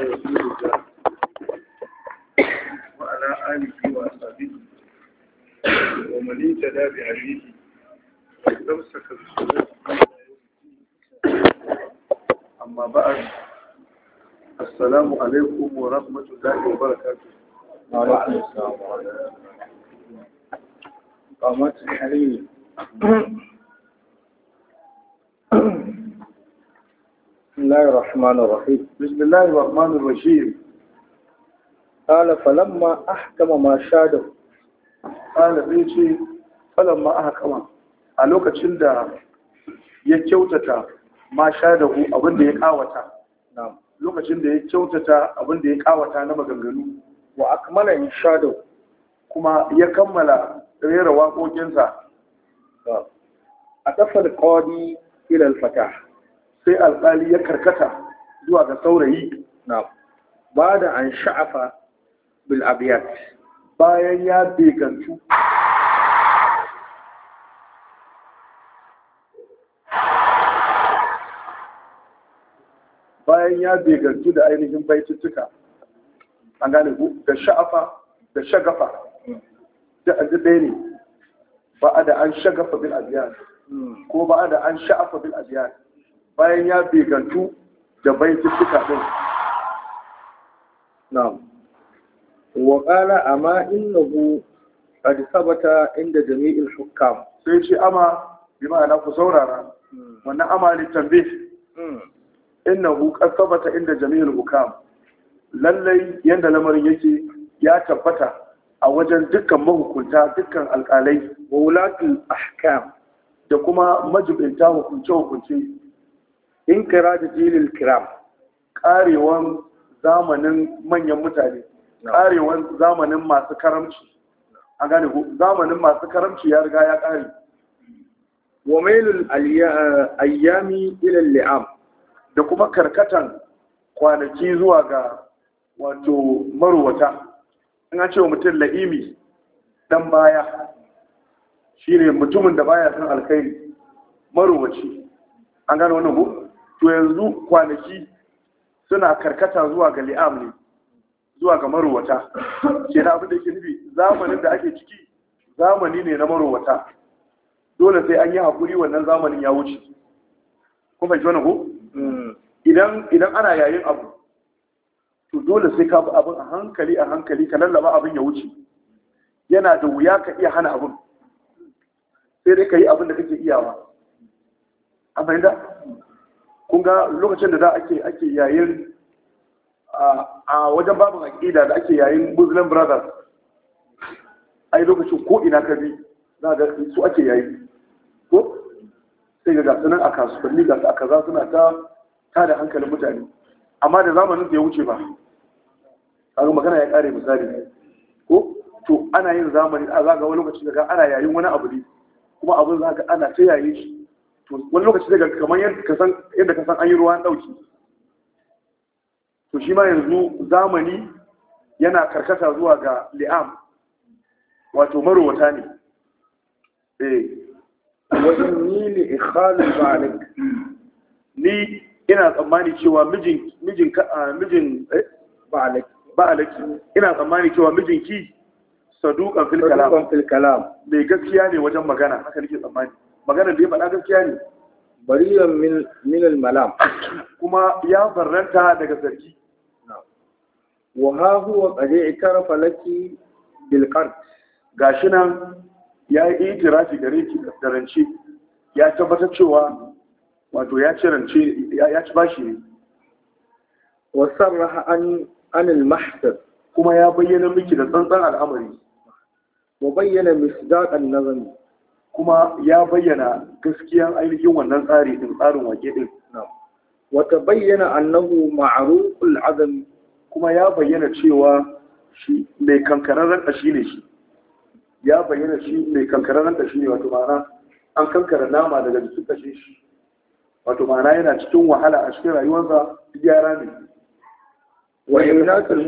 رسول الله وعلى آله وأصحابه ومن اهتدى بهديه واستمسك بسنته أما بعد السلام عليكم ورحمة الله وبركاته وعليكم السلام ورحمة الله وبركاته قامت الحريم الله الرحمن الرحيم بسم الله الرحمن الرحيم قال فلما احكم ما شاد قال بيتي فلما احكم a lokacin da ya kyautata ma sha da hu abinda ya kawata lokacin da ya kyautata ya kawata na maganganu wa akmala in sha da kuma ya kammala rera waƙoƙinsa a tafar ƙwari ilal fata sai alƙali ya karkata zuwa ga saurayi na ba da an sha'afa bil abiyat bayan ya begantu bayan ya begantu da ainihin baituttuka an gane ku da sha'afa da shagafa da an zube ne ba a da an shagafa bil abiyat hmm. ko ba a da an sha'afa bil abiyat bayan ya begantu da bayan cututtuka din na'am wa qala amma innahu qad sabata inda jami'il hukam sai ce ama bi ma'ana ku saurara wannan ama ne tambe innahu qad sabata inda jami'il hukam lallai yanda lamarin yake ya tabbata a wajen dukkan mahukunta dukkan alƙalai wa wulatul ahkam da kuma majibinta hukunce-hukunce in da jilil kiram karewan zamanin manyan mutane karewan zamanin masu karamci a gane ku zamanin masu karamci ya riga ya kare wa mailul ayyami ila li'am da kuma karkatan kwanaki zuwa ga wato marwata in an ce wa mutum la'imi dan baya shine mutumin da baya san alkhairi marwaci an gane wannan ku to yanzu kwanaki suna karkata zuwa ga li'am ne zuwa ga marowata ke na abinda da nufi zamanin da ake ciki zamani ne na marowata dole sai an yi haƙuri wannan zamanin ya wuce kuma ji wani ko idan ana yayin abu to dole sai ka bi abin a hankali a hankali ka lallaba abin ya wuce yana da wuya ka iya hana abin sai dai ka yi abin da kake iyawa a fahimta kun ga lokacin da za ake ake yayin a wajen babin aƙida da ake yayin muslim brothers ai lokacin ko ina ka bi za ga su ake yayi ko sai ga gasu nan a kasuwanni gasu a kaza suna ta da hankalin mutane amma da zamanin da ya wuce ba kaga magana ya kare misali ko to ana yin zamani a zaga wani lokacin da ana yayin wani abu ne kuma abin za ga ana ta yayin shi wani lokaci zai daga kamar yadda ka san an yi ruwa ɗauki to shi ma yanzu zamani yana karkata zuwa ga li'am wato marowata ne eh wajen ni ne ikhalin ba'alik ni ina tsammani cewa mijin ba'alaki eh, ina tsammani cewa mijinki saduƙan filkalam, mai gaskiya ne wajen magana haka nake tsammani maganar da ya faɗa gaskiya ne bariyan min malam kuma ya faranta daga zargi wa ha huwa qad i'tarafa falaki bil qard gashi nan ya yi itirafi gare ki da rance ya tabbatar cewa wato ya ci rance ya ci bashi ne wa sarraha an an al mahsab kuma ya bayyana miki da tsantsan al'amari wa bayyana misdaqan nazami kuma ya bayyana gaskiyan ainihin wannan tsari din tsarin wake din wata bayyana annahu ma'aruful azam kuma ya bayyana cewa shi mai kankararren ƙashi ne shi ya bayyana shi mai kankararren ƙashi ne wato ma'ana an kankara nama daga jikin ƙashin shi wato ma'ana yana cikin wahala a cikin rayuwarsa gyara ne wa ina inatul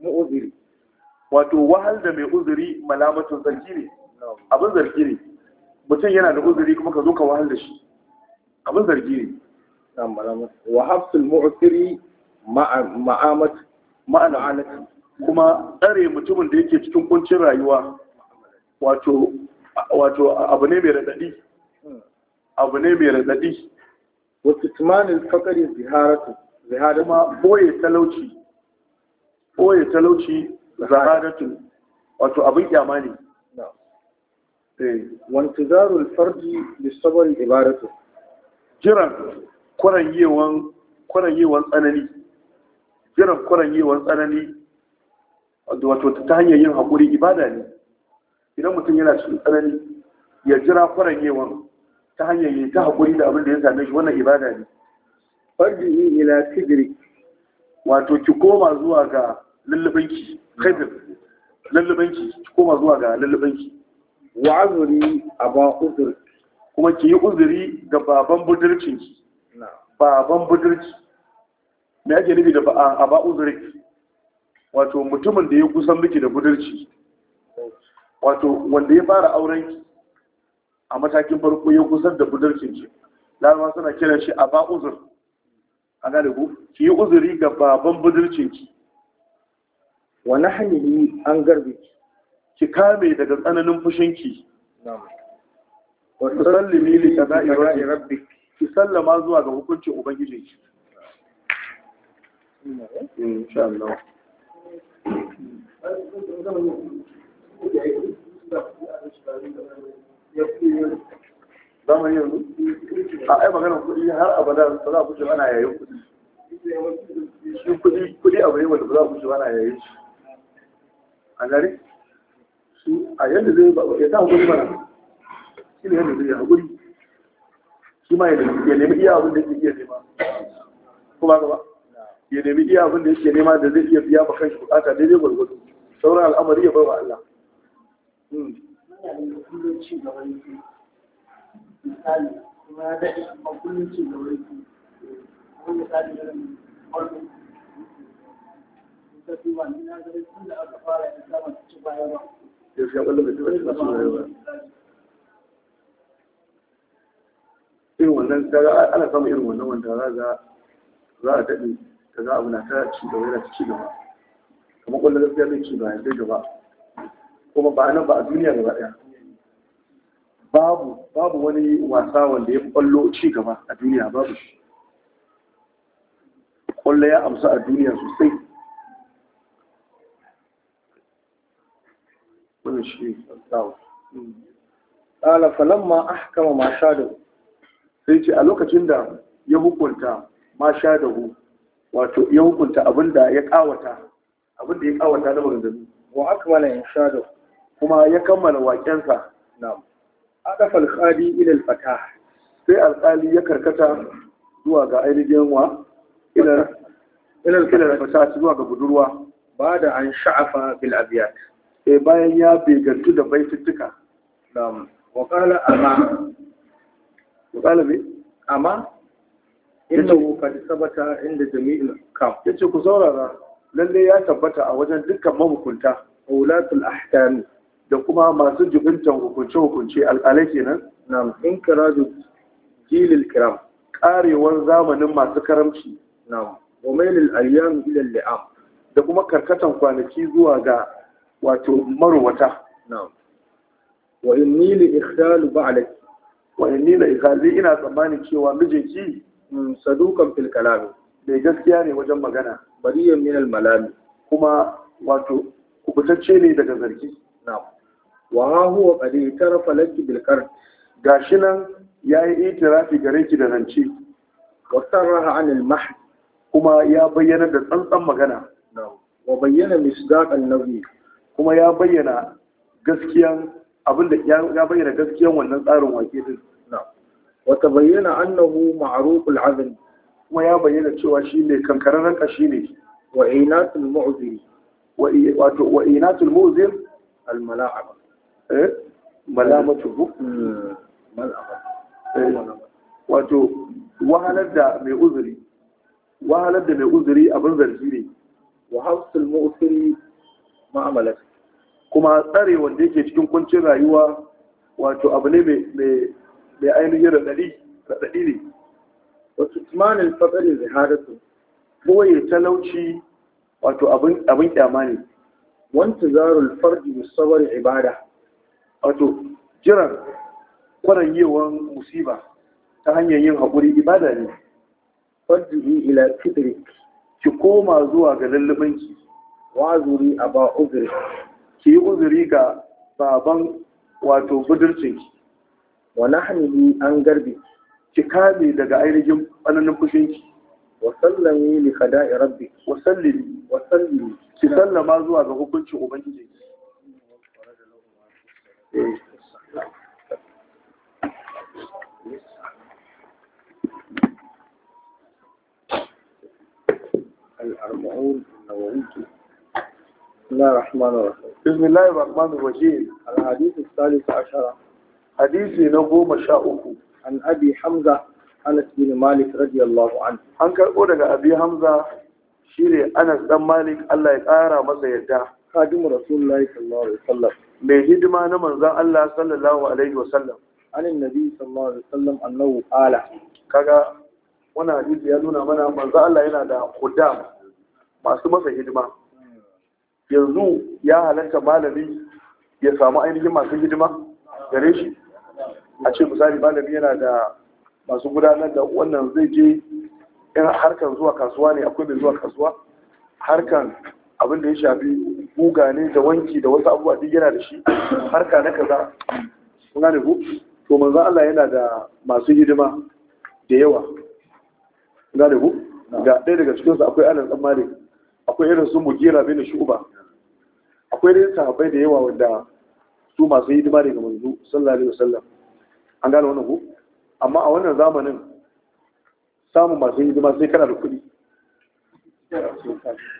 mu'zir wato wahal da mai uzuri malamatun zargi ne abin zargi ne mutum yana da uzuri kuma ka zo ka wahal da shi abin zargi ne wa hafsul mu'siri ma'amat ma'ana kuma tsare mutumin da yake cikin kuncin rayuwa wato wato abu ne mai radadi abu ne mai radadi wa kitmanil fakari ziharatu zihara ma boye talauci boye talauci zaharatun wato abin kyama ne eh. zarul farji da sabon ibaratu jiran kwaranyewan tsanani jiran kwaranyewan tsanani wato ta hanyar yin haƙuri ibada ne idan mutum yana cikin tsanani ya jira kwaranyewan ta hanyar yin ta haƙuri da abin da ya same shi wannan ibada ne farji ila sidri wato ki koma zuwa ga lullubanki khaidir lullubanki ki koma zuwa ga lullubanki wa azuri ba uzur kuma ki yi uzuri ga baban budurcinki baban budurci me ake nufi da ba uzuri wato mutumin da ya kusan miki da budurci wato wanda ya fara aurenki a matakin farko ya kusan da budurcinki larabawa suna kiran shi ba uzur a gane ku ki yi uzuri ga baban budurcinki wa nahmihi an garbiki ki kame daga tsananin fushinki wa tusallimi li qada'i rabbik ki sallama zuwa ga hukuncin ubangijinki insha Allah yanzu a ai magana kuɗi har abada ba za a ji ana yayin kuɗi shi kuɗi abu ne wanda ba za a kuce ana yayin shi a gare su a yadda zai ba ya sa hakuri mana shi ne yadda zai hakuri shi ma ya nemi iya abin da yake iya nema kuma gaba ya nemi iya abin da yake nema da zai iya biya ba kanshi bukata daidai gwargwado sauran al'amari ya bawa Allah hmm. misali kuma ya daɗe kuma kullum ci gaba yake misali irin irin wannan daga ana samun irin wannan wanda za a daɗe da za a wuna ta ci gaba yana ci gaba kamar kwallon gaskiya zai ci gaba zai gaba kuma ba nan ba a duniya gaba ɗaya babu babu wani wasa wanda ya fi kwallo ci gaba a duniya babu shi kwallo ya amsa a duniya sosai da shi ƙala falamma ahkama ma sha da sai ce a lokacin da ya hukunta ma sha da hu wato ya hukunta abin da ya ƙawata abin da ya ƙawata na maganganu wa akmala in sha da kuma ya kammala waƙensa na'am adafa alƙali ilil alfata sai alƙali ya karkata zuwa ga ainihin wa ila ila alfata zuwa ga budurwa ba da an sha'afa bil abiyat e bayan ya begantu da baituttuka na'am wakala amma wakala bi amma sabata inda Jami'in kam yace ku saurara lalle ya tabbata a wajen dukkan mahukunta ulatul ahkam da kuma masu jibintan hukunce hukunce alƙalai kenan Na in da jilil kiram karewar zamanin masu karamci na wa mailil ayyam ila li'am da kuma karkatan kwanaki zuwa ga wato marwata wa in li ikhdalu ba'laki wa in la ikhazi ina tsammanin cewa mijinki mm, sadukan fil kalam bai gaskiya ne wajen magana bariyan min al malami kuma wato kubutacce ne daga zargi na'am wa huwa qad itarafa laki bil qard gashi nan yayi itirafi gare ki da zance wa sarraha an al mahd kuma ya bayyana da tsantsan magana wa bayyana misdaq an nabi kuma ya bayyana gaskiyan abinda ya bayyana gaskiyan wannan tsarin wake din wata bayyana annahu ma'ruful azm kuma ya bayyana cewa shi ne kankararren kashi ne wa inatul mu'zir wa wato wa inatul mu'zir al eh? hmm. mala'aba eh malamatu wato wahalar da mai uzuri wahalar da mai uzuri abin zargi ne wa hafsul mu'siri ma'amalat kuma tsare wanda yake cikin kuncin rayuwa wato abu ne mai ainihin raɗaɗi raɗaɗi ne wasu tumanin fatsarin zahadatu boye talauci wato abin kyama ne wanta zarul farji musabar ibada wato jiran yawan musiba ta hanyar yin haƙuri ibada ne farji ila fitrik ki koma zuwa ga wa wazuri a ba uzirik ki yi uzuri ga baban wato budurcin ki wa nahmihi an garbi ki kame daga ainihin tsananin fushin ki wa sallami li qada'i rabbi wa sallimi wa sallimi ki sallama zuwa ga hukunci ubangiji الأربعون النووي بسم الله الرحمن الرحيم بسم الله الرحمن الرحيم الحديث الثالث عشر حديث نقوم شاؤه عن أبي حمزة أنس بن مالك رضي الله عنه عن كأولك أبي حمزة شيري أنس بن مالك الله يقارى ما يدع خادم رسول الله صلى الله عليه وسلم من هدما نمن ذا الله صلى الله عليه وسلم عن النبي صلى الله عليه وسلم أنه قال كذا wannan hadisi ya nuna mana manzo Allah yana da kudam masu masa hidima yanzu ya halarta malami ya samu ainihin masu hidima gare shi a ce misali malami yana da masu gudanar da wannan zai je in harkar zuwa kasuwa ne akwai mai zuwa kasuwa harkar abin da ya shafi buga ne da wanki da wasu abubuwa duk yana da shi harka na kaza kun gane ku to manzon Allah yana da masu hidima da yawa kun gane ku ga ɗaya daga cikinsu akwai Anas dan akwai irin su Mugira bin Shu'ba akwai dai sahabbai da yawa wanda su masu hidima ne daga manzo sallallahu alaihi wasallam an gane wannan ku amma a wannan zamanin samun masu hidima sai kana da kuɗi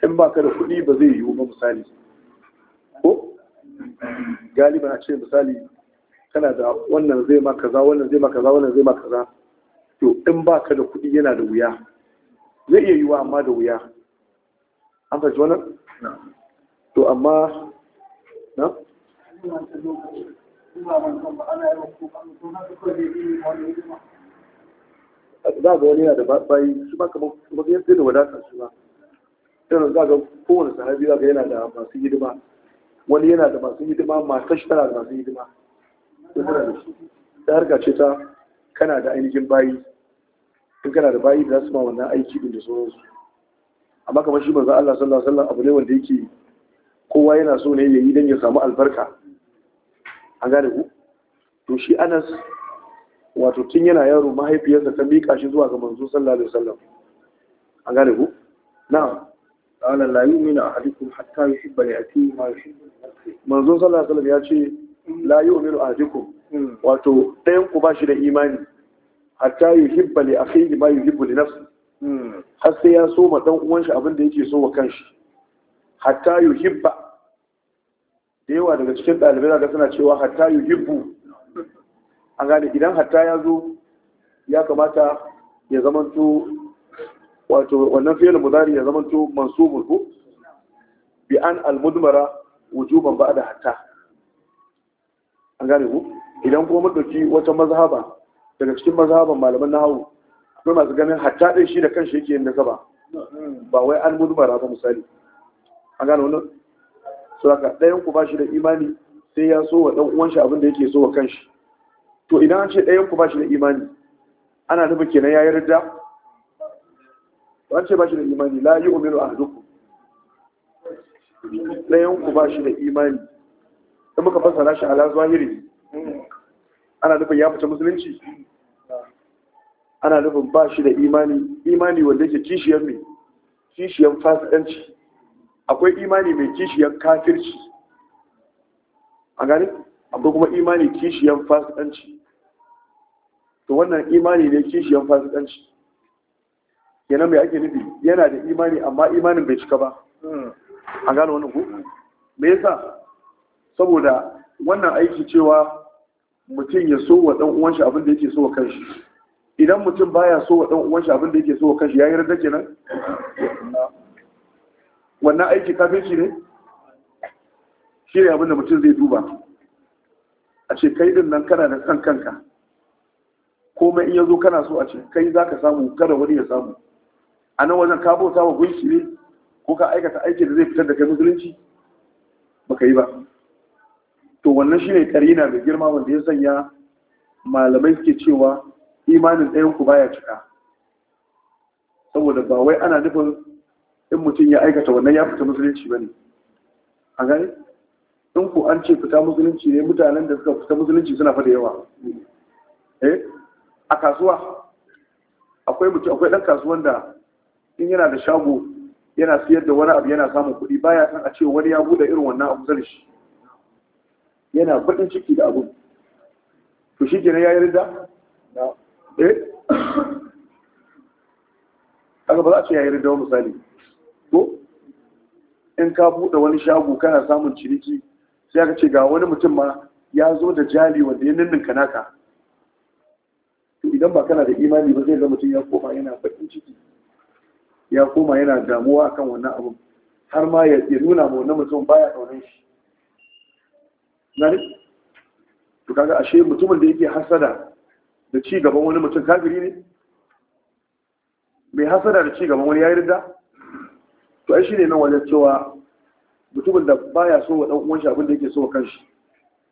in ba ka da kuɗi ba zai yiwu ba misali ko galiban a ce misali kana da wannan zai ma kaza wannan zai ma kaza wannan zai ma kaza to in ba ka da kuɗi yana da wuya zai iya yiwuwa amma da wuya an fahimci wannan to amma na? za ga wani yana da bayi su ba kamar yadda da wadatar su ba ɗan za ga kowane sahabi za ga yana da masu hidima wani yana da masu hidima masu shi tana da masu hidima ta harka ce ta kana da ainihin bayi in kana da bayi da su ma wannan aiki din da sauransu amma kamar shi manzo Allah sallallahu alaihi wasallam abu ne wanda yake kowa yana so ne ya yi don ya samu albarka an gane ku to shi anas wato tun yana yaro mahaifiyarsa ta miƙa shi zuwa ga manzo sallallahu alaihi wasallam an gane ku na'am ala la yu'minu ahadukum hatta yuhibba li akhihi ma yuhibbu manzo sallallahu alaihi wasallam ya ce la yu'minu ahadukum hmm. wato ɗayan ku ba shi da imani hatta yuhibba li akhihi ma yuhibbu li nafsihi hmm. har sai ya so ma dan uwan shi abin da yake so wa kanshi hatta yuhibba da yawa daga cikin ɗalibai zaka suna cewa hatta hibbu. an gane idan hatta ya zo ya kamata ya zamanto wato wannan fi'il mudari ya zamanto masu ko bi an almudmara wujuban ba'da hatta an gane ku idan kuma mun dauki wata mazhaba daga cikin mazhaban malaman nahawu akwai masu ganin hatta din shi da kanshi yake yin nasaba ba wai almudmara ba misali A gano wannan so ɗayan ku bashi da imani sai ya so wa ɗan uwan shi abin da yake so wa kanshi to idan an ce ɗayan ku bashi da imani ana nufin kenan ya yarda an ce bashi da imani la yi umiru duku ɗayan ku bashi da imani ɗan muka fassara shi ala zahiri ana nufin ya fita musulunci ana nufin ba shi da imani imani wanda yake kishiyar mai kishiyar fasikanci akwai imani mai kishiyar kafirci a gani akwai kuma imani kishiyar fasikanci to wannan imani ne kishiyar fasikanci yana mai ake nufi yana da imani amma imanin bai cika ba a gane wani ku me yasa saboda wannan aiki cewa mutum ya so wa ɗan uwanshi abin da yake so wa kanshi idan mutum baya so wa ɗan uwanshi abin da yake so wa kanshi yi rada kenan wannan aiki kafin ne shi ne abinda mutum zai duba a ce kai din nan kana da san kanka komai in yanzu kana so a ce kai za ka samu kada wani ya samu a nan wajen kabo bauta wa gunshi ne ko ka aikata aiki da zai fitar da kai musulunci ba ka yi ba to wannan shi ne na da girma wanda ya sanya malamai suke cewa imanin ɗayan ku baya cika saboda ba wai ana nufin in mutum ya aikata wannan ya fita musulunci ba ne a gani in ku an ce fita musulunci ne mutanen da suka fita musulunci suna fada yawa eh a kasuwa akwai mutum akwai dan kasuwan da in yana da shago yana siyar da wani abu yana samun kuɗi baya san a ce wani ya bude irin wannan abu zan shi yana kuɗin ciki da abu to shi kenan ya yi rida eh aka ba za a ce ya yi rida misali in ka buɗe wani shago kana samun ciniki sai aka ce ga wani mutum ma ya zo da jali wanda ya ninninka naka to idan ba kana da imani ba zai ga mutum ya koma yana baƙin ciki ya koma yana damuwa akan wannan abu har ma ya nuna ma wannan mutum baya kaunar shi nani to kaga ashe mutumin da yake hasada da ci gaban wani mutum kafiri ne Mai hasada da ci gaban wani ya da to ai ne nan wajen cewa mutumin da baya so wa dan uwan shi abin da yake so wa kanshi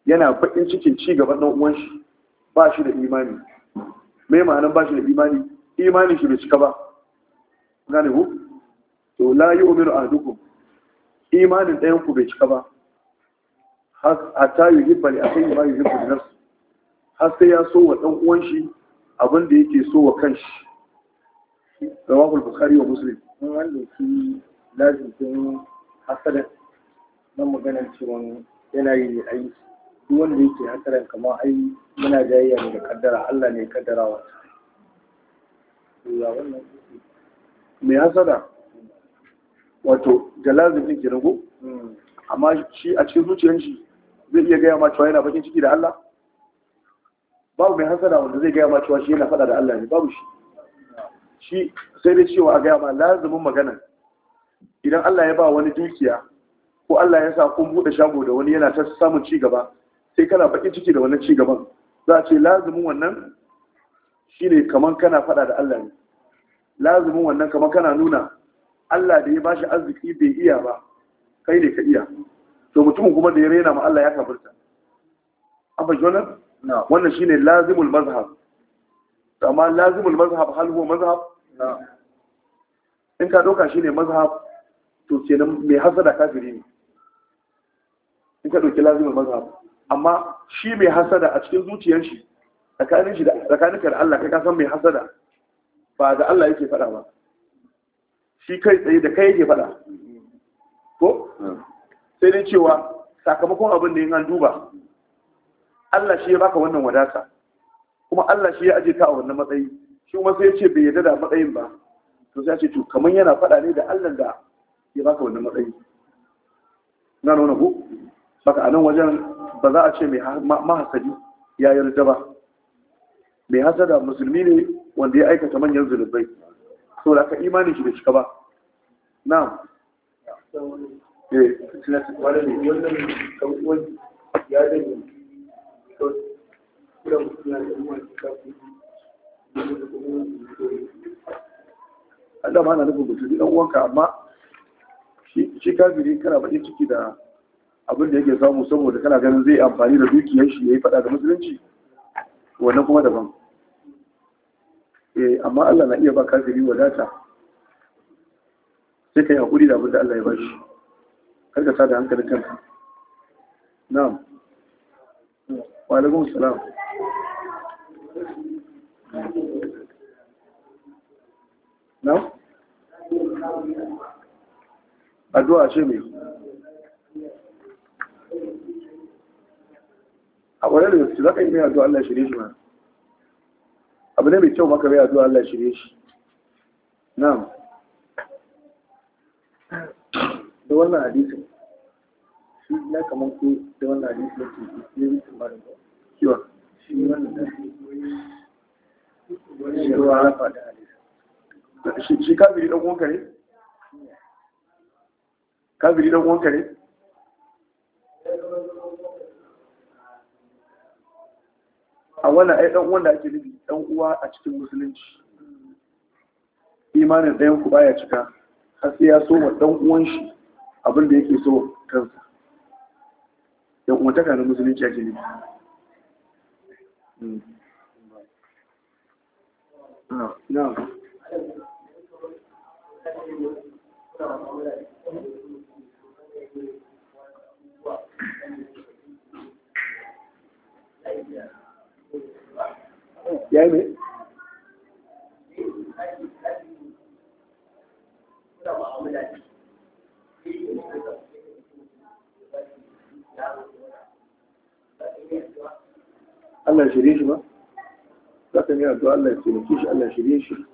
yana bakin cikin ci gaban dan uwan shi ba shi da imani me ma'anan ba shi da imani imanin shi bai cika ba gane ku to la a duku. imanin ɗayan ku bai cika ba hatta ne a kan imani hibba da nasu har sai ya so wa dan uwan shi abin da yake so wa kanshi rawahul bukhari wa muslim lazimcin hasadan na maganar cewa yana yi aiki duk wanda yake hasadan kamar ai muna jayayya ne da kaddara Allah ne ya kaddara wa mai hasada wato da lazimcin ki rago hmm. amma shi a cikin zuciyar shi zai iya gaya ma cewa yana bakin ciki da Allah babu mai hasada wanda zai gaya ma cewa shi yana fada da Allah ne babu shi shi sai dai cewa a gaya ma lazumin maganar. idan Allah ya ba wani dukiya ko Allah ya sa kun bude shago da wani yana ta samun ci gaba sai kana bakin ciki da wannan ci gaban za a ce lazumin wannan shine kaman kana fada da Allah ne lazumin wannan kaman kana nuna Allah da ya bashi arziki bai iya ba kai ne ka iya to mutumin kuma da ya rena ma Allah ya kafirta amma jona wannan shine lazimul mazhab amma lazimul mazhab hal huwa mazhab in ka doka shine mazhab to kenan mai hasada kafiri ne in ka ɗauki lazimin mazhab amma shi mai hasada a cikin zuciyar shi tsakanin shi tsakanin da Allah kai ka san mai hasada ba da Allah yake faɗa ba shi kai tsaye da kai yake faɗa ko sai dai cewa sakamakon abin da yin an duba Allah shi ya baka wannan wadata kuma Allah shi ya aje ka a wannan matsayi shi kuma sai ya ce bai yarda da matsayin ba to sai ya ce to kamar yana faɗa ne da Allah da ya baka wannan matsayi na nuna ku baka a nan wajen ba za a ce mai mahasadi ya yarda ba mai hasada musulmi ne wanda ya aikata manyan zunubai so da aka imanin shi da shi ba na Allah ma na nufin mutum ɗan uwanka amma shi kafiri kana baƙin ciki da abin da yake samu saboda kana ganin zai amfani da dukiyar shi ya yi faɗa da musulunci wannan kuma daban eh amma Allah na iya ba kafiri wadata sai ka yi haƙuri da abin da Allah ya ba shi kar ka da hankalin kanka na'am wa alaikum salam na'am addu'a ce mai a ƙwarar da su za ka yi mai addu'a Allah shirye shi ma abu ne mai kyau maka mai addu'a Allah shirye shi na'am da wannan hadisun shi ya kamar ko da wannan hadisun da ke ba da kiwa shi wannan da shi ruwa rafa da hadisin shi kafiri ɗan uwanka ne kabiri don uwanka ne a wannan ai dan wanda ake nufi dan uwa a cikin musulunci imanin ɗayan ku baya cika har sai ya soma dan uwan shi abin da yake so kansa yan uwa taka na musulunci ake nufi hmm. no shirye shi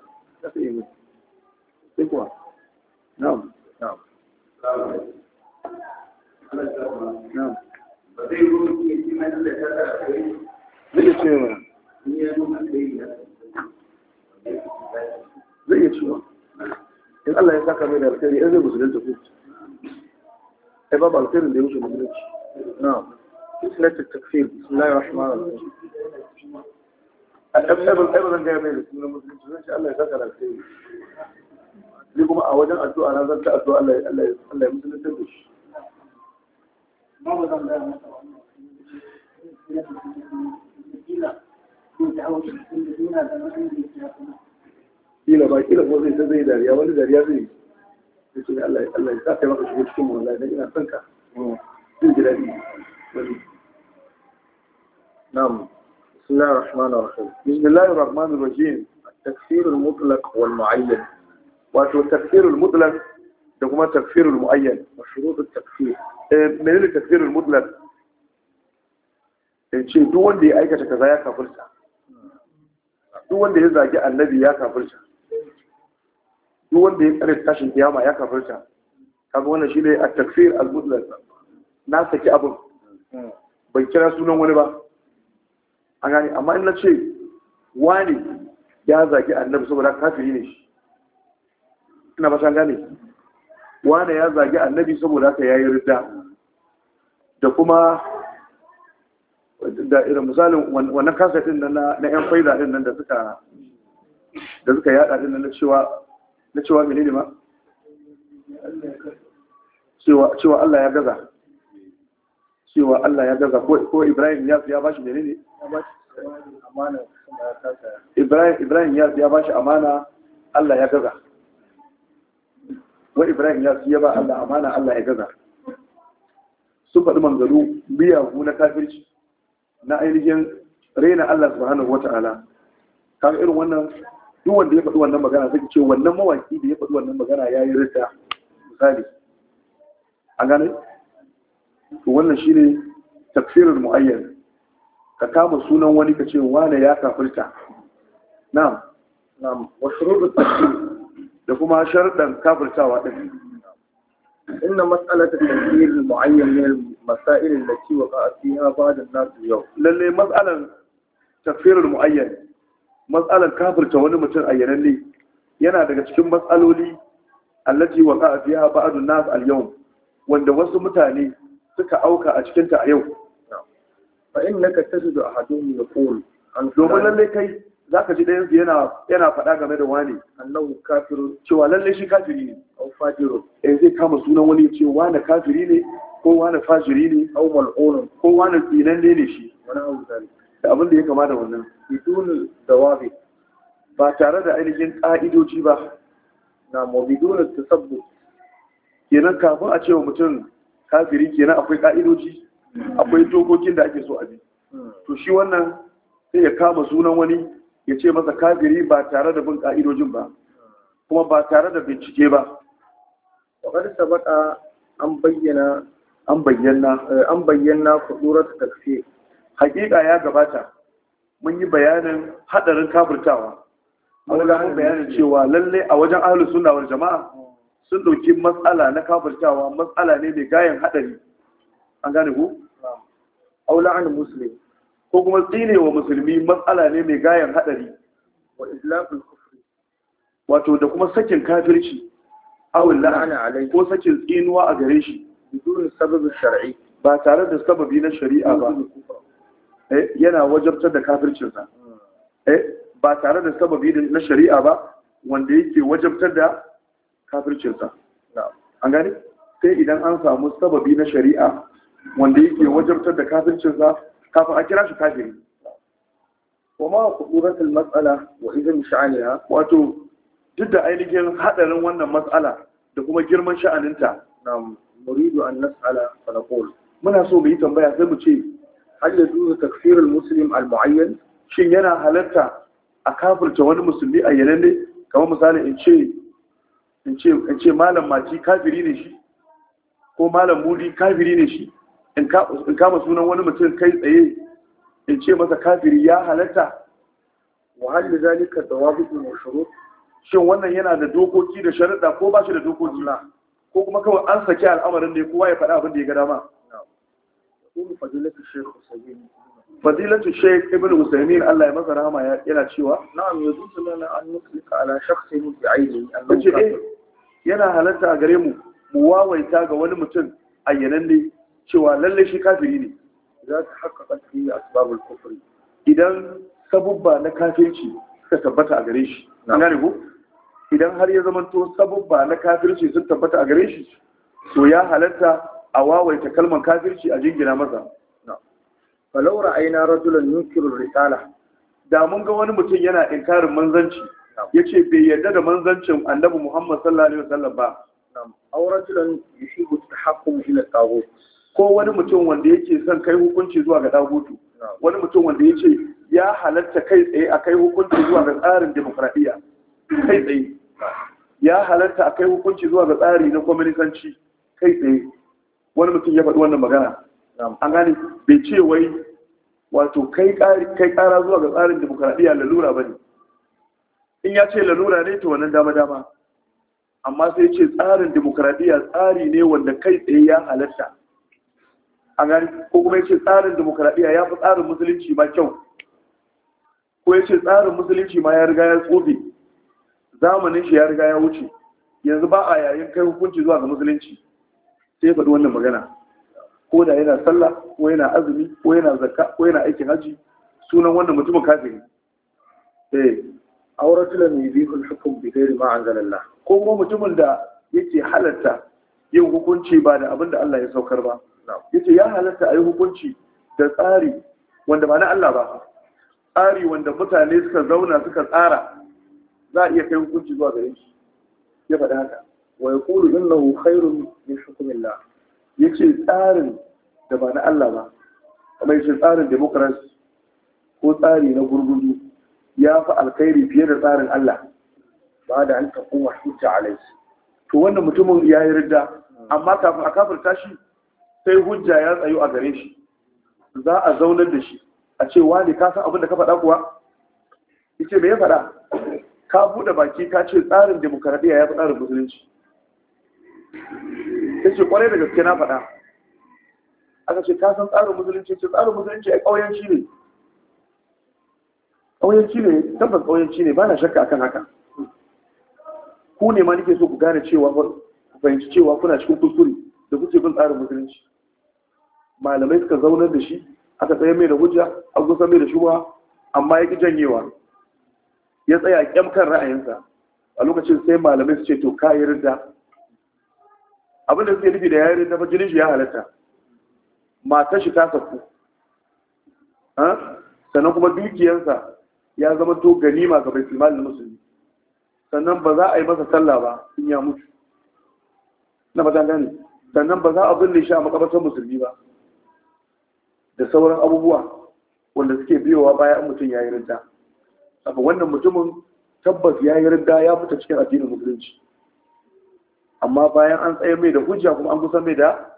saka ni kuma a wajen addu'a na zanta addu'a Allah Allah Allah ya mutunta da shi ba ba zan kila ba kila ko zai zai dariya wani dariya zai yi sai Allah Allah ya sa maka shigo cikin wallahi dan ina son ka zai ji dadi na'am takfirul mutlaq wal muayyan wato takfirul mutlaq da kuma takfirul muayyan wa shurutut takfir eh menene takfirul mutlaq eh ce duk wanda ya aikata kaza ya kafirta duk wanda ya zagi annabi ya kafirta duk wanda ya tsare tashin kiyama ya kafirta kaga wannan shine at-takfir al-mutlaq na saki abin ban kira sunan wani ba an gani amma in ce wani ya zagi annabi saboda kafiri ne shi ina ba san gane wani ya zagi annabi saboda ka yayi ridda da kuma da irin misalin wannan kasetin nan na yan faida din nan da suka da suka yada din nan na cewa na cewa menene ma cewa cewa Allah ya gaza cewa Allah ya gaza ko Ibrahim ya ya bashi menene ya bashi Ibrahim ya ba shi amana Allah ya gaza. Wa Ibrahim Yas ya ba Allah amana Allah ya gaza. Sun faɗi manzaru miyagu na kafirci na ainihin raina Allah subhanahu wa ta'ala. Kaga irin wannan duk wanda ya faɗi wannan magana zai ce wannan mawaki da ya faɗi wannan magana ya yi rita misali. A gane? wannan shi ne tafsirin mu'ayyar. ka kama sunan wani ka ce wane ya kafirta na'am na'am wa shuruɗu da kuma sharuɗan kafirtawa din inna mas'alata tafsir mu'ayyan min da masail allati a fiha ba da nasu yau lalle matsalar tafiyar mu'ayyan matsalar kafirta wani mutum a ayyananne yana daga cikin matsaloli mas'aloli allati a fiha ba da nasu al yau wanda wasu mutane suka auka a cikinta a yau fa innaka tajidu ahaduhum yaqul an domin lalle kai zaka ji dayan yana yana faɗa game da wani annahu kafiru cewa lalle shi kafiri ne au fajiru eh zai kama sunan wani ce wani kafiri ne ko wani fajiri ne au mal'un ko wani tsinanne ne shi wani abu da abin da ya kama da wannan bidun dawabi ba tare da ainihin ƙa'idoji ba na mabidun tasabbu kenan kafin a ce wa mutum kafiri kenan akwai ƙa'idoji akwai dokokin da ake so a bi to shi wannan sai ya kama sunan wani ya ce masa kafiri ba tare da bin ka'idojin ba kuma ba tare da bincike ba wakar sabaka an bayyana an bayyana eh, an bayyana kudurar takfir hakika ya gabata mun yi bayanin hadarin kafirtawa mun ga an bayanin cewa lalle a wajen ahlus sunna wal jama'a sun dauki matsala na kafirtawa matsala ne mai gayan hadari an gane ku aula an muslim ko kuma tsine wa musulmi matsala ne mai gayan haɗari. wa islafin kufri wato da kuma sakin kafirci awul la'ana ko sakin tsinuwa a gare shi ba tare da sababi na shari'a ba eh, yana wajabtar da kafircinsa hmm. eh, ba tare da sababi na shari'a ba wanda yake wajabtar da kafircinsa an gani sai idan an samu sababi na shari'a wanda yake wajabtar da kafircinsa kafin a kira shi kafiri wa ma kuduratul mas'ala wa idan sha'aniha wato duk da ainihin hadarin wannan matsala da kuma girman sha'aninta na muridu an nas'ala fa naqul muna so mu yi tambaya sai mu ce hal yadu takfir al-muslim al-mu'ayyan shin yana halarta a kafirta wani musulmi a ne kamar misali in ce in ce in ce malam maci kafiri ne shi ko malam mudi kafiri ne shi in kama sunan wani mutum kai tsaye in ce masa kafiri ya halatta wahal da zalika dawabitu wa shuru shin wannan yana da dokoki da sharuɗa ko ba shi da dokoki na ko kuma kawai an saki al'amarin ne kowa ya faɗa abin da ya ga dama fadilatu sheikh ibn usaimin Allah ya masa rahama yana cewa na'am yajuzu lana an nutlika ala shakhsin bi ainihi Allah eh, yana halatta a gare mu mu wawaita ga wani mutum ne. cewa lallai shi kafiri ne za ta haka ƙarfi a asbabul kufri idan sabubba na kafirci suka tabbata a gare shi na gane idan har ya zamanto sabubba na kafirci sun tabbata a gare shi to ya halatta a wawaita kalmar kafirci a jingina masa falau aina rajulan yunkiru risala da mun ga wani mutum yana inkarin manzanci yace bai yarda da manzancin annabi Muhammad sallallahu alaihi wasallam ba aw rajulan yushibu tahakkum ila taghut ko wani mutum wanda yake son kai hukunci zuwa ga dagutu wani mutum wanda yake ya halatta kai tsaye a kai hukunci zuwa ga tsarin demokradiyya kai tsaye ya halatta a kai hukunci zuwa ga tsari na kwaminisanci kai tsaye wani mutum ya faɗi wannan magana an gane bai ce wai wato kai ƙara zuwa ga tsarin demokradiyya lalura ba ne in ya ce lalura ne to wannan dama-dama amma sai ce tsarin demokradiyya tsari ne wanda kai tsaye ya halatta an gani ko kuma ya ce tsarin demokuraɗiyya ya fi tsarin musulunci ma kyau ko ya ce tsarin musulunci ma ya riga ya tsofe zamanin shi ya riga ya wuce yanzu ba a yayin kai hukunci zuwa ga musulunci sai ya faɗi wannan magana ko da yana sallah ko yana azumi ko yana zakka ko yana aikin haji sunan wannan mutumin kafiri eh auratul mizihul hukm bi ghairi ma anzalallah ko kuma mutumin da yake halarta yin hukunci ba da abin da Allah ya saukar ba yace ya halatta a yi hukunci da tsari wanda ba na Allah ba tsari wanda mutane suka zauna suka tsara za a iya kai hukunci zuwa gare shi ya faɗa haka wa yaqulu innahu khairun min ya yace tsarin da ba na Allah ba kamar yace tsarin democracy ko tsari na gurgudu ya fi alkhairi fiye da tsarin Allah ba da an taƙo wa ta alaihi to wannan mutumin ya yi ridda amma kafin a kafirta shi sai hujja ya tsayu a gare shi za a zaunar da shi a ce wani ka san abin da ka faɗa kuwa yace me ya faɗa ka buɗe baki ka ce tsarin demokaradiyya ya fi tsarin musulunci yace kwarai da gaske na faɗa aka ce ka san tsarin musulunci ce tsarin musulunci a ƙauyenci ne ƙauyenci ne tabbas ƙauyenci ne ba na shakka akan haka ku ne ma nake so ku gane cewa ku fahimci cewa kuna cikin kuskure da kuke bin tsarin musulunci malamai suka zaunar da shi aka tsaye mai da hujja a gusa mai da shubha amma ya ki janyewa ya tsaya kyam kan ra'ayinsa a lokacin sai malamai su ce to ka yi rinda abin da suke nufi da yayin rinda jinin shi ya halatta matar shi ta saku sannan kuma dukiyarsa ya zama to ganima ga bai malin musulmi sannan ba za a yi masa sallah ba in ya mutu na ba gani? sannan ba za a binne shi a makabatar musulmi ba da sauran abubuwa wanda suke biyowa baya an mutum ya yi rinda abu wannan mutumin tabbas ya yi rinda ya fita cikin addinin musulunci amma bayan an tsaye mai da hujja kuma an kusa mai da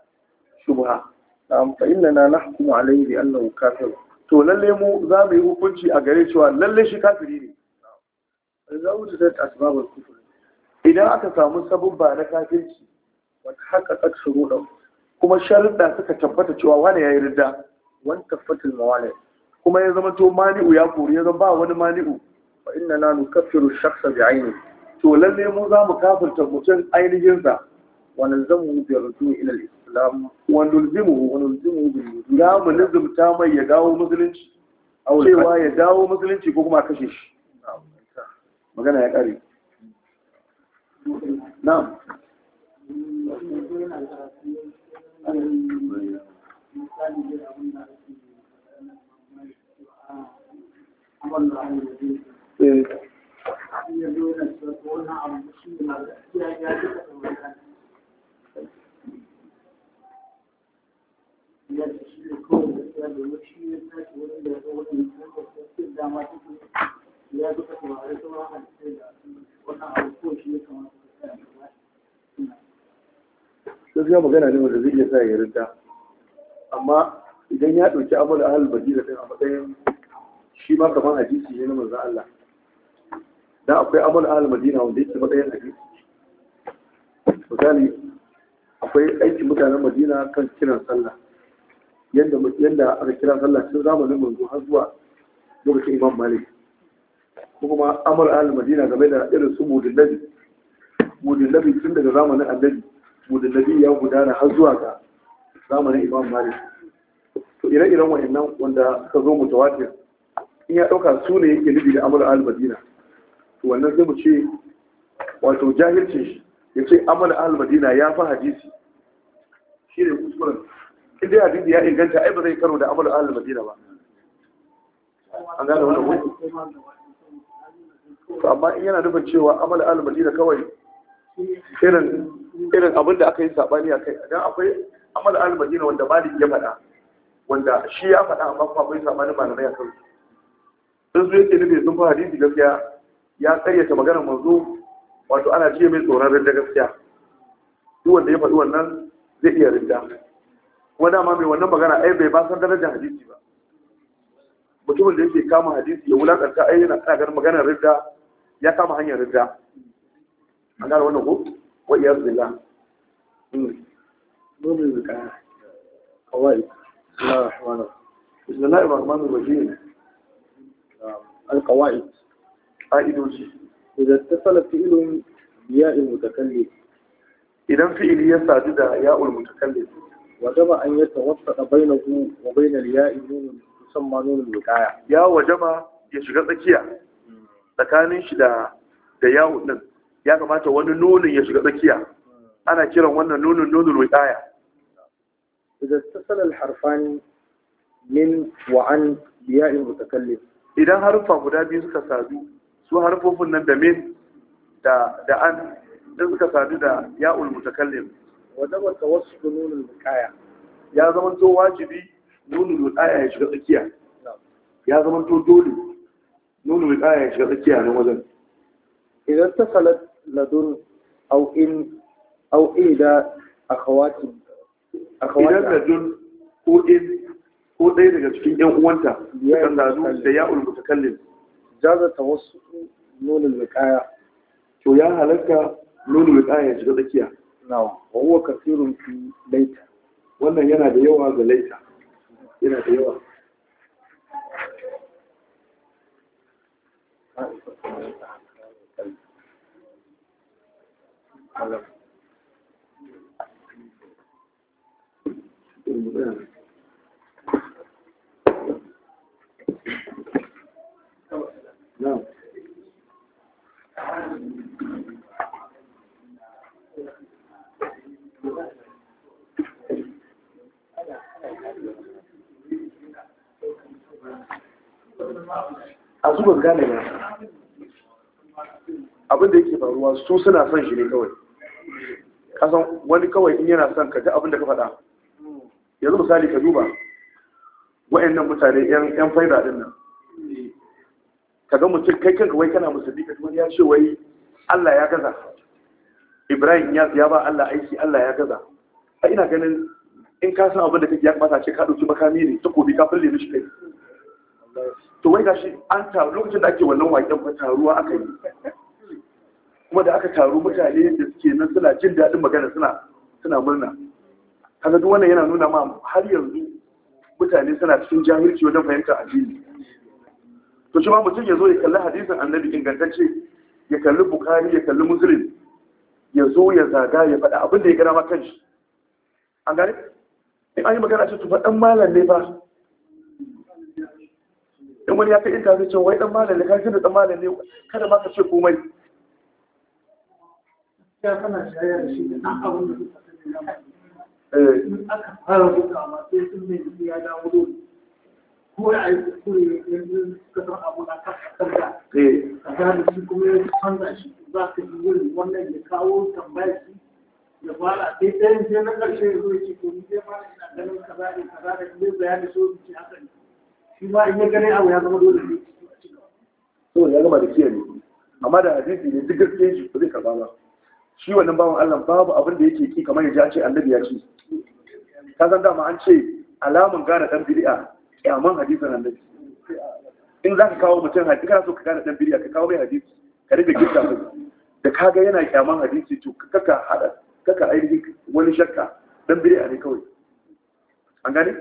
shubha Da amfani na na nahkumu alayhi bi Allah kafir to lalle mu za mu yi hukunci a gare cewa lalle shi kafiri ne za mu ta asbabul kufr idan aka samu sabubba na kafirci wata haka tsaksuru kuma sharuɗa suka tabbata cewa wani ya yi ridda wanta fatul mawali kuma ya zama to mani'u ya kori ya zama ba wani mani'u fa inna la nukaffiru shakhsa bi aini to lalle mu za mu kafirta mutum ainihin sa wa nalzamu bi rujuu ila al-islam wa nalzimuhu wa nalzimuhu bi ya mu nizimta mai ya dawo musulunci cewa ya dawo musulunci ko kuma kashe shi magana ya kare na'am gaskiya magana ne wanda zai iya sa ya rinta amma idan ya ɗauki abu da ahal bajira ɗin a matsayin shi ma kamar hadisi ne na manzan Allah dan akwai abu da ahal madina wanda yake matsayin hadisi misali akwai aikin mutanen madina kan kiran sallah yadda aka kira sallah tun zamanin manzo har zuwa lokacin imam malik ko kuma amur ahal madina game da irin su mudin nabi mudin nabi tun daga zamanin annabi mudin nabi ya gudana har zuwa ga zamanin imam malik to ire-iren wa'annan wanda suka zo mutawatir in ya ɗauka su ne yake nufi da amal al madina to wannan zai mu ce wato jahilcin ya ce amala al madina ya fi hadisi shi ne kuskuren in dai hadisi ya inganta ai ba zai karo da amal al madina ba an gane wannan wani to amma in yana nufin cewa amal al madina kawai irin abin da aka yi saɓani a kai dan akwai amal al-Madina wanda Malik ya faɗa wanda shi ya faɗa amma kuma akwai sabanin malamai a kan sun zo yake nufi sun fi hadisi gaskiya ya karyata magana manzo wato ana ce mai tsoron rinda gaskiya duk wanda ya faɗi wannan zai iya rinda kuma dama mai wannan magana ai bai ba san darajar hadisi ba mutumin da yake kama hadisi ya wulakanta ai yana kana ganin magana rinda ya kama hanyar rinda an gane wannan ko wa iyyazu billah hmm. Idan na ya sadu da ya ulbarta kalle, waje an yi ta wasu da wa bai na riya musamman nuna luƙaya. Ya waje ya shiga tsakiya tsakanin shida da yawun nan, ya kamata wani nunin ya shiga tsakiya. Ana kiran wannan nunin nunin luƙaya. إذا اتصل الحرفان من وعن بياء المتكلم إذا حرف غدا بي suka sadu su harfofin nan da min da an da sadu da ya'ul mutakallim wa da tawassul nunul wiqaya ya zama to wajibi nunul wiqaya ya shiga tsakiya ya zama to dole nunul shiga tsakiya ne wajen idan tasalat ladun aw in aw ida akhawati idan rajul ko in ko ɗaya daga cikin ƴan uwanta suka sadu da ya'ul mutakallim jaza wasu nunul wiqaya to ya halatta nunul wiqaya ya shiga tsakiya na'am wa huwa kathirun fi laita wannan yana da yawa ga laita yana da yawa Thank you. a gane abinda yake faruwa su suna son shi ne kawai kasan wani kawai in yana son ka abin abinda ka faɗa misali ka duba wa'annan mutane yan faida din nan ka ga mutum kai kanka wai kana musulmi ka wani ya ce wai Allah ya gaza Ibrahim ya ya ba Allah aiki Allah ya gaza a ina ganin in ka san abin da kake ya kamata ce ka dauki makami ne takobi ka fulle mishi kai to wai gashi an taru lokacin da ake wannan waƙen ba taruwa aka yi kuma da aka taru mutane da suke nan suna jin daɗin magana suna suna murna kaga duk wannan yana nuna ma har yanzu mutane suna cikin jahilci wajen fahimtar addini to shi ma mutum ya zo ya kalli hadisin annabi ingantacce ya kalli bukari ya kalli muslim ya zo ya zaga ya faɗa abin da ya gara ma shi. an gane in an yi magana ce tufa ɗan malam ne ba in wani ya kai inta zai ce wai ɗan malam ne kafin da ɗan malam ne kada ma ka ce komai ya kana shayar da shi da ɗan abin da in eh. aka fara bugawa sai sun mai jiki ya dawo dole ko ya yi kuskure yanzu suka san abu na kasar da eh. a gane shi kuma ya canza shi za ka yi wurin wannan ya kawo tambaya shi ya fara sai ɗayan sai na ƙarshe ya zo ya ce to ni zai fara ina ganin kaza ne kaza da zai bayani so ce haka ne shi ma in ya gane abu ya zama dole ne to ya gama da kiyaye amma da hadisi ne duk gaskiya shi ba zai karba ba shi wannan bawan Allah babu abin da yake ki kamar yaji an ce annabi ya ce ka san dama an ce alamun gane dan bid'a kyaman hadisin annabi in za ka kawo mutum hadisi ka so ka gane dan bid'a ka kawo mai hadisi ka rike gidda mai da ka ga yana kyaman hadisi to kaka hada kaka ainihin wani shakka dan bid'a ne kawai an gane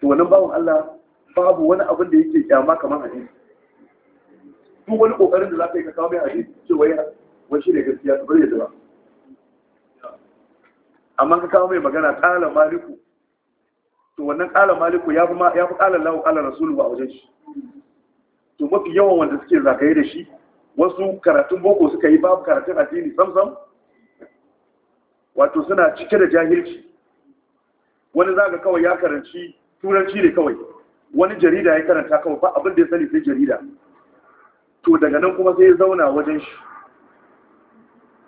to wannan bawan Allah babu wani abin da yake kyama kamar hadisi duk wani kokarin da za ka yi ka kawo mai hadisi cewa ya kuma shi ne gaskiya su bari ba amma ka kawo mai magana ƙala maliku to wannan ƙala maliku ya fi ƙala lawo ƙala rasulu ba a wajen shi to mafi yawan wanda suke zagaye da shi wasu karatun boko suka yi babu karatun addini samsam wato suna cike da jahilci wani zaga kawai ya karanci turanci ne kawai wani jarida ya karanta kawai ba abin da ya sani sai jarida to daga nan kuma sai ya zauna wajen shi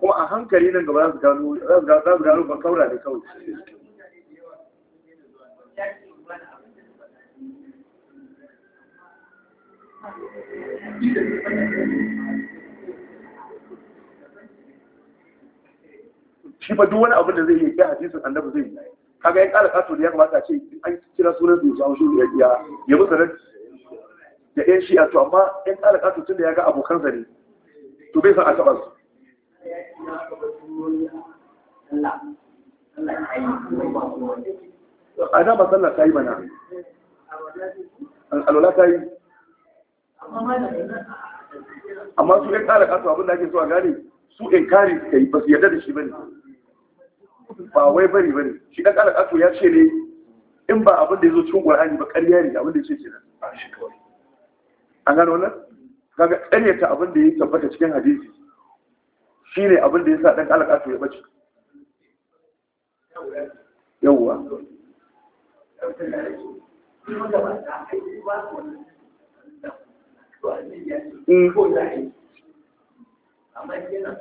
kuma a hankali nan gaba za su gano za su gano ban kaura da kawai shi ba duk wani abin da zai yi ya hadisin annabi zai yi kaga yan kara kato da ya kamata a ce an kira sunan zuwa jawo shi ya ya musu nan da yan a to amma yan kara kato tun da ya ga abokansa ne to bai san a taɓa su a dama sallar ta yi mana alwala ta yi amma su ya kara kasu abinda ake so a gane su in kare suka yi ba su yadda da shi bane ba wai bari bane shi dan kara kasu ya ce ne in ba abin da ya zo cikin qur'ani ba ƙarya ne abin da ya ce kenan an gano wannan kaga ƙaryata abin da ya tabbata cikin hadisi shi ne abin da ya sa ɗan alaƙato ya ɓace yauwa idan mm. yana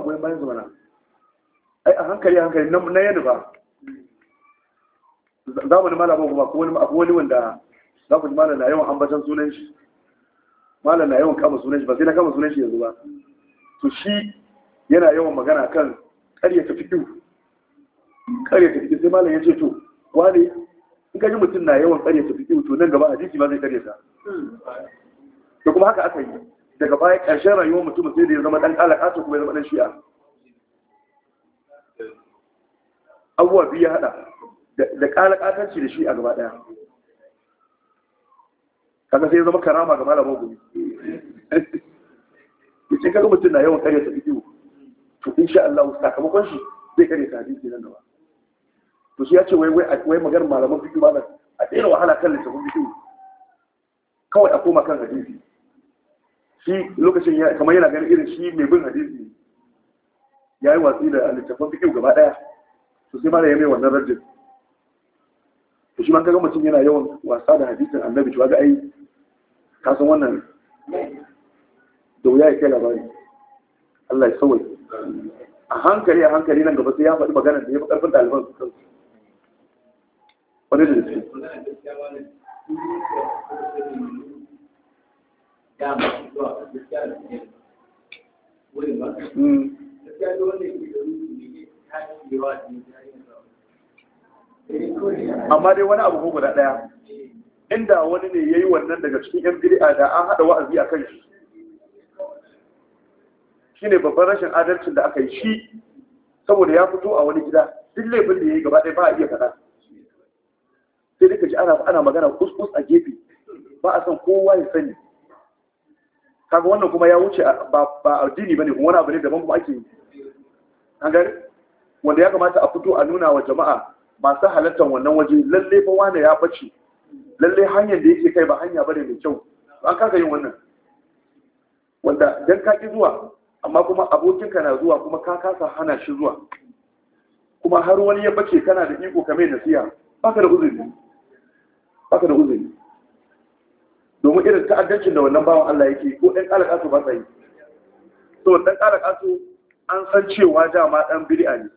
goyon bayan zamana ai a hankali a hankali na yadda ba zamanin malamin kuma wani wanda za ku ji malam na yawan ambatan sunan shi malam na yawan kama sunan shi ba sai na kama sunan shi yanzu ba to shi yana yawan magana kan ƙarya ta fiƙi ƙarya ta fiƙi sai malam ya ce to wani in ka ji mutum na yawan ƙarya ta fiƙi to nan gaba a jiki ba zai karya ta To kuma haka aka yi daga baya ƙarshen rayuwar mutum sai da ya zama ɗan alaƙa ta kuma ya zama ɗan shi'a abubuwa biyu ya haɗa da ƙalaƙatanci da shi'a gaba ɗaya kaga sai zama karama ga malamin gobe ce kaga mutum na yawan ta bidiyo to insha Allah sakamakon shi zai ta hadisi nan gaba to shi ya ce wai wai magar malamin fiqh ba a tsere wahala kan littafin fiqh kawai a koma kan hadisi shi lokacin ya kamar yana ganin irin shi mai bin hadisi ya yi watsi da littafin fiqh gaba daya to sai malamin mai wannan rajin to shi ma kaga mutum yana yawan wasa da hadisin annabi to ga ai kasan wannan da wuya ya kai labari Allah ya sauwa a hankali a hankali nan gaba sai ya faɗi magana da ya fi ƙarfin ɗaliban su kansu wani da su hmm. amma dai wani abu ko guda ɗaya inda wani ne ya yi wannan daga cikin yan bid'a da an haɗa wa'azi a kan shi shi ne babban rashin adalcin da aka yi shi saboda ya fito a wani gida duk laifin da ya yi gaba ɗaya ba a iya faɗa sai duka ji ana magana kuskus a gefe ba a san kowa ya sani kaga wannan kuma ya wuce ba addini bane wani abu ne daban kuma ake yi wanda ya kamata a fito a nuna wa jama'a masu halartar wannan waje lalle fa wani ya bace Lallai hanyar da yake kai ba hanya bane mai kyau an kasa yin wannan wanda dan ka ki zuwa amma kuma abokinka na zuwa kuma ka kasa hana shi zuwa kuma har wani ya bace kana da iko kamar nasiya baka da uzuri baka da uzuri domin irin ta'addancin da wannan bawan Allah yake ko ɗan ƙara ƙasu ba sa yi to ɗan ƙara ƙasu an san cewa ma ɗan bid'a ne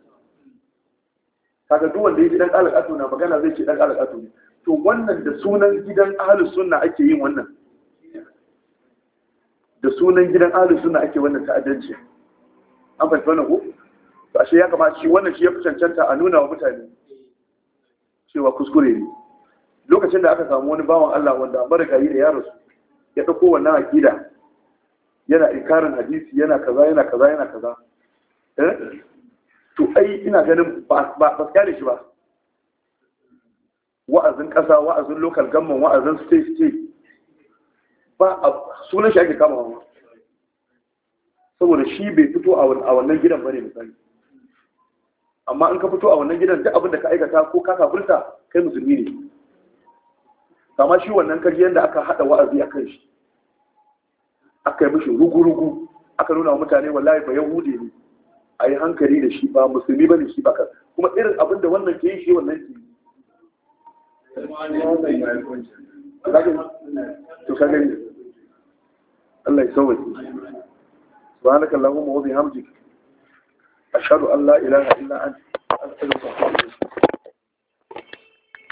kaga duk wanda yake ɗan ƙara ƙasu na magana zai ce ɗan ƙara ƙasu ne to wannan da sunan gidan ahalus sunna ake yin wannan da sunan gidan ahalus sunna ake wannan ta'addanci an fahimta wannan ko to ashe ya kamata shi wannan shi ya fi cancanta a nuna wa mutane cewa kuskure ne lokacin da aka samu wani bawan Allah wanda gari da yaro ya dauko wannan gida yana ikarin hadisi yana kaza yana kaza yana kaza eh to ai ina ganin ba ba kyale shi ba wa'azin ƙasa wa'azin local government wa'azin state state ba a sunan shi ake kama wa saboda shi bai fito a wannan gidan bane misali amma in ka fito a wannan gidan duk abin da ka aikata ko ka kafirta kai musulmi ne kama shi wannan kariyar yadda aka hada wa'azi a kan shi aka yi mishi rugu-rugu aka nuna wa mutane wallahi ba yahudi ne a yi hankali da shi ba musulmi ba ne shi ba kuma irin abin da wannan ke yi shi wannan ke yi to ka Allah ya sauwaje subhanakallahumma wa bihamdika ashhadu an la ilaha illa anta astaghfiruka wa atubu